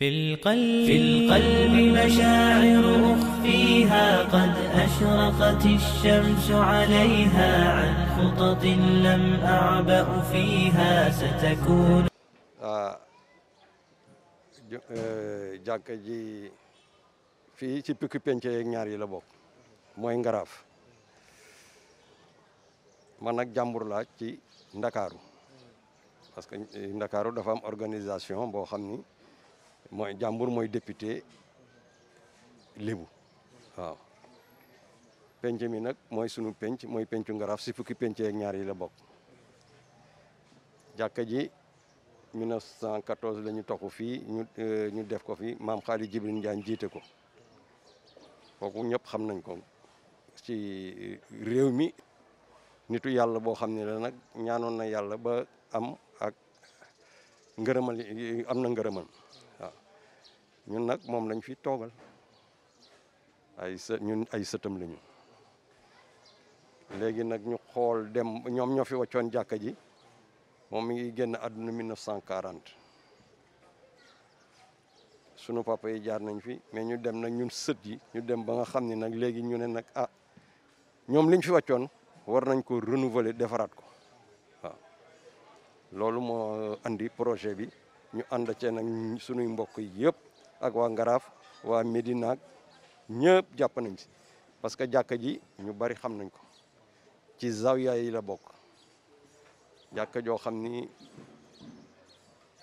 في القلب في القلب مشاعر أخفيها قد أشرقت الشمس عليها عن خطط لم أعبأ فيها ستكون jàkka ji fii ci pikku penc yeeg ñaar yi la bokk mooy Ngaraaf man nag jàmbur laa ci Ndakaaru parce que Ndakaaru dafa am organisation boo xam ni mooy jàmbur mooy député lébu waaw penc mi nag mooy sunu penc mooy pencu ngaraaf si fukki pence ak ñaar la bokk jàkka ji 1914 la lañu toxu fii ñu euh, ñu def ko fi maam xaali Jibril Njaañ jiite ko kooku ñëpp xam nañ ko ci euh, réew mi nitu yàlla boo xam ne la nag ñaanoon na yàlla ba am ngërëmal am na ngërëmal waaw ñun nag moom lañ fi toogal ay së ñun ay sëtam lañu léegi nag ñu xool dem ñoom ñoo fi waccoon jàkka ji moom mi ngi génn àdduna 1940 sunu papa yi jaar nañ fi mais ñu dem nag ñun sët yi ñu dem ba nga xam ni nag léegi ñu ne nag ah ñoom liñ fi waccoon war nañ ko renouveler defaraat ko loolu moo andi projet bi ñu ànd cee nag sunuy mbokk yëpp ak waa Ngaraaf waa nag ñëpp jàpp nañ si parce que jàkka ji ñu bari xam nañ ko ci zawiya yi la bokk jàkka joo xam ni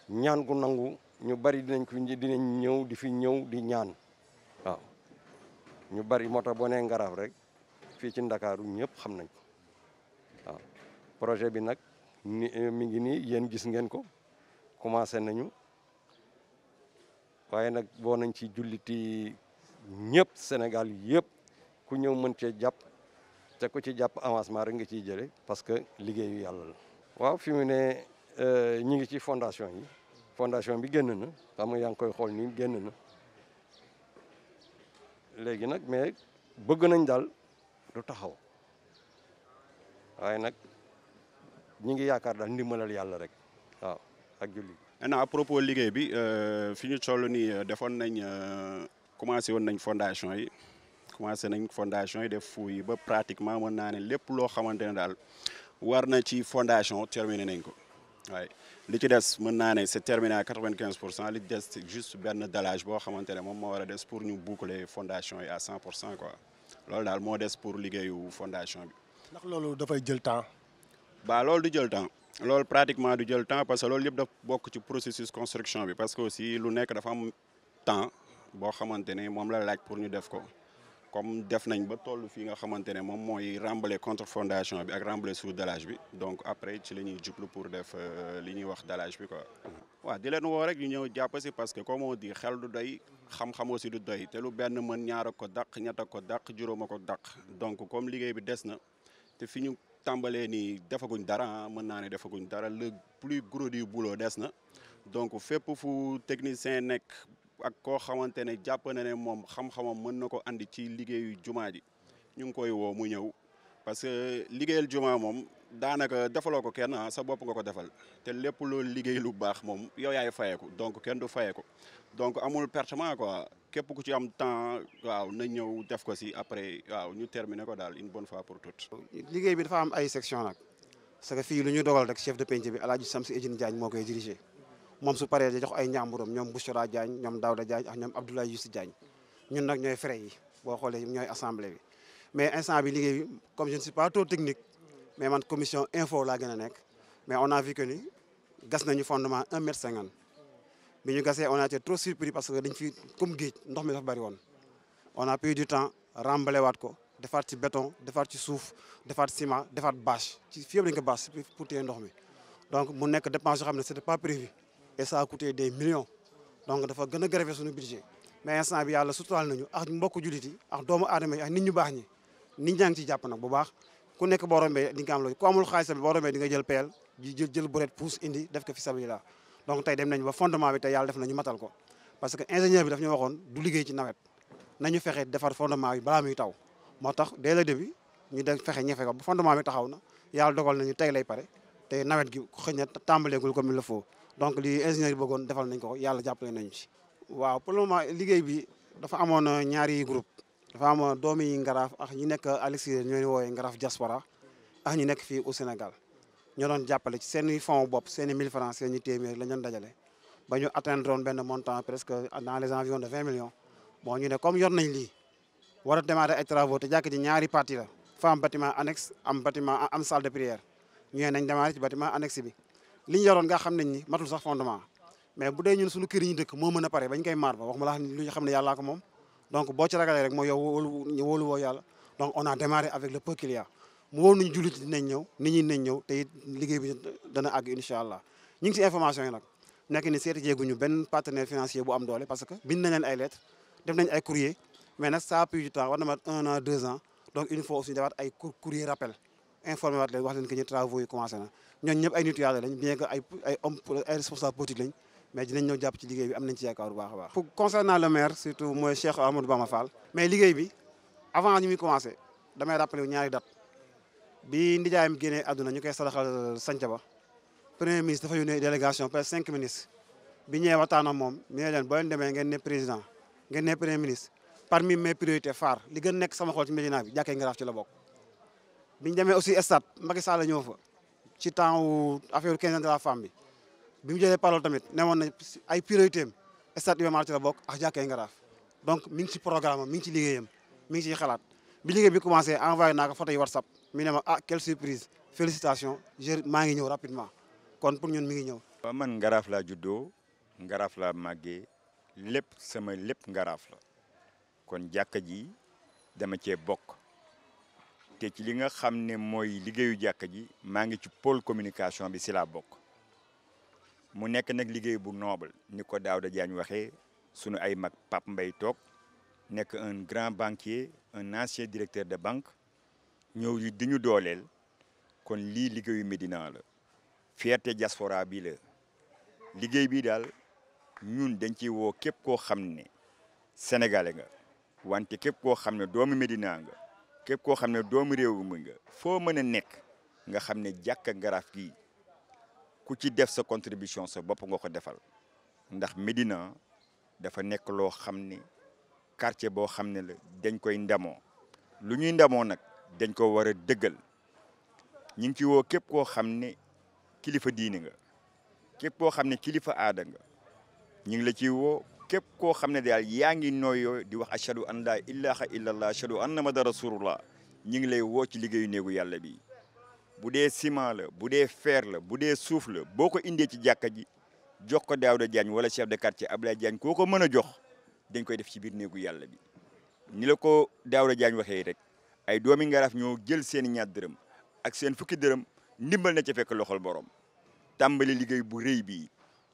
ñaan gu nangu ñu bari dinañ ko dinañ ñëw di fi ñëw di ñaan waaw ñu bari moo tax boo Ngaraaf rek fii ci Ndakaaru ñëpp xam nañ ko waaw projet bi nag. Eh, mi ngi nii yéen gis ngeen ko commencé nañu waaye nag boo nañ ci julliti ñëpp Sénégal yëpp ku ñëw mën cee jàpp te ku ci jàpp avancement rek nga ciy jële parce que liggéeyu yàlla la. waaw fi mu ne eh, ñi ngi ci fondation yi fondation bi génn na xam nga yaa ngi koy xool nii génn na léegi nag mais bëgg nañ daal du taxaw waaye nag. ñu ngi yaakaar daal ndimbalal yàlla rek waaw ak julli. maintenant à propos liggéey bi euh, fi ñu toll nii euh, defoon nañ euh, commencé woon nañ fondation yi commencé nañ fondation yi def fouilles yi ba pratiquement mën naa ne lépp loo xamante ne daal war na ci fondation terminé nañ ko waaye li ci des mën naa ne c'est terminé à quatre-vingt-quinze pour cent li des c'est juste benn dallage boo xamante ne moom moo war a des pour ñu boucler fondation yi à cent pour cent quoi loolu daal moo des pour liggéeyu fondation bi. ndax loolu dafay jël temps. baa loolu du jël temps lool pratiquement du jël temps parce que loolu yëpp daf bokk ci processus construction bi parce que aussi lu nekk dafa am temps boo xamante ne moom la laaj pour ñu def ko comme def nañ ba toll fii nga xamante ne moom mooy remblai contre fondation bi ak remblai sous dallage bi donc après ci la ñuy jublu pour def euh, li ñuy wax dallage bi quoi. waaw di leen woo rek ñu ñëw jàpp si parce que comme on dit xel du doy xam-xam aussi du doy te lu benn mën ñaar ko dàq ñett a ko dàq juróom a ko dàq donc comme liggéey bi des na te fi ñu tàmbalee ni defaguñ dara mën naa ne defaguñ dara le plus gros du boulot des na donc fépp fu technicien nekk ak koo xamante ne jàpp na ne moom xam-xamam mën na ko andi ci liggéeyu jumaa ji ñu ngi koy woo mu ñëw parce que liggéeyal jumaa moom daanaka defaloo ko kenn ah, sa bopp nga ko defal te lépp loo liggéey lu baax moom yow yaay fayeeku donc kenn du fayeeku donc amul pertement quoi képp ku ci am temps na ñëw def si après waaw ñu terminer ko daal une bonne fois bi dafa am ay section nag parce que fii lu ñu dogal rek chef de penc bi El Hadj Samsi Ejine Diagne moo koy dirigé moom su paree da jox ay ñaamburam ñoom Bouchra Diagne ñoom Daouda Diagne ak ñoom Abdoulaye Youssou Diagne ñun nag ñooy frais boo xoolee ñooy assemblée bi mais instant bi liggéey bi comme je ne pas trop technique. mais man commission info laa gën a nekk mais on a vu que ni gas nañu fondement un mètre cinquante bi ñu gasee on a été trop surpris parce que dañ fi comme géej ndox mi dafa bëri woon on a pris temps rembalé waat ko defaat ci béton defaat ci suuf defaat ciment defaat bâche ci fii yëpp dañ ko bâche pour téye ndox mi donc mu nekk dépense yoo xam ne c'était pas prévu et ça a coûté des millions donc dafa gën a grever suñu budget mais instant bi yàlla suturaal nañu ak mbokku jullit yi ak doomu aadama yi ak nit ñu baax ñi nit ñaa ngi ciy jàpp nag bu baax ku nekk boo rombee di nga am loolu ku amul xaalis tamit boo rombee di nga jël peel ji jël jël buret puus indi def ko fi sabilillah donc tey dem bi tey yàlla def nañu matal ko parce que ingénieur bi daf ñu waxoon du liggéey ci nawet nañu fexe defar fondement bi balaa muy taw moo tax dès le début ñu dem fexe ñefe ko ba fondement bi taxaw na yàlla dogal nañu tey lay pare te nawet gi xëy na tàmbaleegul comme il le faut donc li ingénieur bi bëggoon defal nañ ko yàlla jàppale nañu ci waaw pour le moment liggéey bi dafa amoon a ñaari groupe dafa am doomi yi ngaraaf ak ñi nekk à l'extérieur ñoo ñu woowee ngaraaf diaspora ak ñi nekk fii au Sénégal ñoo doon jàppale ci i fonds bopp seen i 1000 francs seen i téeméer la ñu dajale ba ñu benn montant presque dans les environs de 20 millions bon ñu ne comme yor nañ lii a démarrer ay travaux te jàkk ji ñaari partie la fa am bâtiment am bâtiment am salle de prière ñu ne nañ démarrer ci bâtiment bi li ñu yoroon nga xam nañ ni matul sax fondement donc boo ci ragalee rek moo yow wóolu wóolu woo yàlla donc on a démarré avec le peu qu'il y a jullit dinañ ñëw nit ñi dinañ ñëw te it liggéey bi dana àgg incha allah ñu ngi ci information yi nag nekk ni seeti jeeguñu benn partenaire financier bu am doole parce que bind nañ leen ay lettres def nañ ay courrier mais nag ça a pris du temps war na mat un an deux ans donc une aussi dafaat ay courrier rappel informé wax leen que ñu travaux yi commencé na ñooñu mais dinañ ñëw jàpp ci liggéey bi am nañ ci yaakaar bu baax a baax. pour concernant le maire surtout mooy Cheikh Amadou Bamba Fall. mais liggéey bi avant ñu muy commencé damay rappelé wu ñaari date bi ndijaayam génnee àdduna ñu koy saraxal Santhiaba premier ministre dafa yónnee délégation presque cinq ministres bi ñëwee waxtaan ak moom ñu ne leen boo leen demee ngeen ne président ngeen ne premier ministre parmi mes priorités phares li gën nekk sama xol ci Médina bi jàkkee Ngaraaf ci la bokk. bi ñu demee aussi stade Macky Sall ñëw fa ci temps affaire quinzaine de la femme bi. bi mu jëlee parole tamit ne na ay priorité am stade Iba Mar ci la bokk ak jàkkee Ngaraaf donc mi ngi ci programme am mi ngi ci liggéeyam mi ngi ciy xalaat bi liggéey bi commencé envoyé naa ko photo yi WhatsApp mi ne a ah quelle surprise félicitations maa ngi ñëw rapidement kon pour ñun mi ngi ñëw. a man Ngaraaf laa juddoo Ngaraaf laa màggee lépp sama lépp Ngaraaf la kon jàkka ji dama cee bokk te ci li nga xam ne mooy liggéeyu jàkka ji maa ngi ci pôle communication bi si laa bokk. mu nekk nag liggéey bu noble ni ko Daouda Diagne waxee sunu ay mag Pape mbay toog nekk un grand banquier un ancien directeur de banque ñëw yi di ñu dooleel kon lii liggéeyu Médina la fierté jaspora bi la liggéey bii daal ñun dañ ci woo képp koo xam ne sénégalais nga wante képp koo xam ne doomu Médina nga képp koo xam ne doomu réew mi nga foo mën a nekk nga xam ne jàkka Ngaraaf gii ku ci def sa contribution sa bopp nga ko defal ndax Médina dafa nekk loo xam ne quartier boo xam ne la dañ koy ndamoo lu ñuy ndamoo nag dañ ko war a dëggal ñu ngi ci woo képp koo xam ne kilifa diini nga képp koo xam ne kilifa aada nga ñu ngi la ci woo képp koo xam ne daal yaa ngi nooyoo di wax ashadu an laa ilaha illallah ashadu anna mada rasulullah ñu ngi lay woo ci liggéeyu néegu yàlla bi bu dee ciment la bu dee fer la bu dee suuf la boo ko indee ci jàkka ji jox ko Daouda Diagne wala chef de quartier Abdoulaye Diagne koo ko mën a jox dañ koy def ci biir néegu yàlla bi ni la ko Daouda Diagne waxee rek ay doomi ngaraaf ñoo jël seen ñaar dërëm ak seen fukki dërëm ndimbal na ca fekk loxol borom tàmbali liggéey bu rëy bi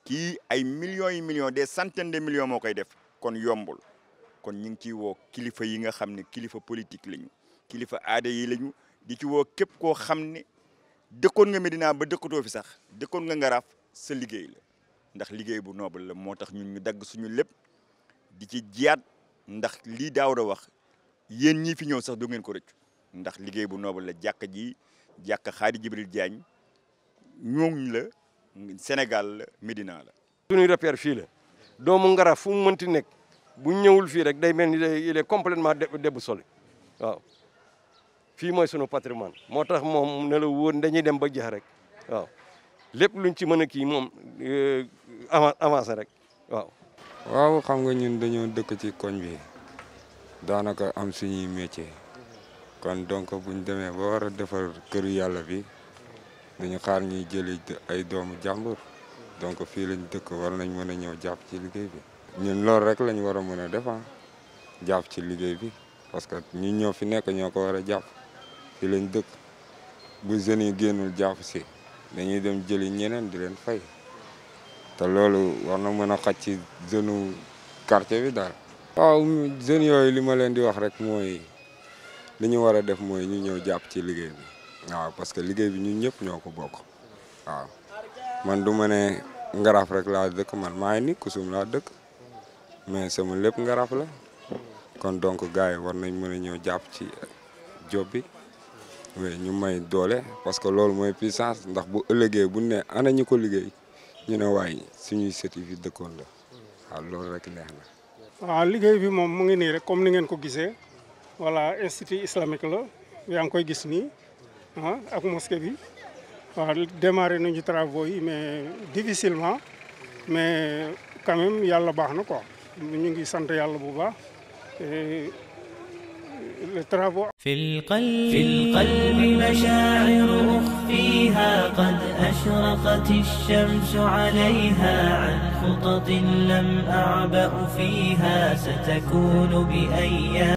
ki ay millions yi millions des centaines de million moo koy def kon yombul kon ñu ngi ciy woo kilifa yi nga xam ne kilifa politique lañu dëkkoon nga Medina ba dëkkatoo fi sax dëkkoon nga Ngaraaf sa liggéey la ndax liggéey bu noble la moo tax ñun ñu dagg suñu lépp di ci jiyaat ndax lii daaw da wax yéen ñi fi ñëw sax du ngeen ko rëccu ndax liggéey bu noble la jàkka ji jàkk xaari Jibril Diagne ñooñu la Sénégal la Medina la. suñuy repère fii la doomu Ngaraaf fu mu mënti nekk bu ñëwul fii rek day mel ni il est complètement déboussolé fii mooy sunu patrimoine moo tax moom ne la dañuy dem ba jeex rek lépp luñ ci mën a kii moom euh, avancé rek waaw. xam nga ñun dañoo dëkk ci koñ bi daanaka am suñuy métier kon donc buñ demee ba war a defar këru yàlla bi dañu xaar ñuy jëli ay doomu jàmbur donc fii lañ dëkk war nañ mën a ñëw jàpp ci liggéey bi. ñun loolu rek lañ war a mën a def ah, jàpp ci liggéey bi parce que ñu ñoo fi nekk ñoo ko war a jàpp. fi lañ dëkk bu jeunes yi génnul jàpp si dañuy dem jëli ñeneen di leen fay te loolu war na mën a xaj ci jeune quartier bi daal. waaw jeunes yooyu li ma leen di wax rek mooy li ñu war a def mooy ñu ñëw jàpp ci liggéey bi waaw parce que liggéey bi ñun ñëpp ñoo ko bokk waaw man du ma ne ngaraaf rek la dëkk man maa ngi ni kusum laa dëkk mais sama lépp ngaraaf la kon donc gars yi war nañ mën a ñëw jàpp ci job oui ñu may doole parce que loolu mooy puissance ndax bu ëllëgee bu ne ana ñu ko liggéey ñu ne waaye suñuy sët yi fi dëkkoon la waaw loolu rek neex na. waaw liggéey bi moom mu ngi nii rek comme ni ngeen ko gisee voilà institut islamique la yaa ngi koy gis nii ah ak mosquée bi waaw nu nañu travaux yi mais difficilement mais quand yàlla baax na ko ñu ngi sant yàlla bu baax. الترافع في القلب في القلب مشاعر أخفيها قد أشرقت الشمس عليها عن خطط لم أعبأ فيها ستكون بأيام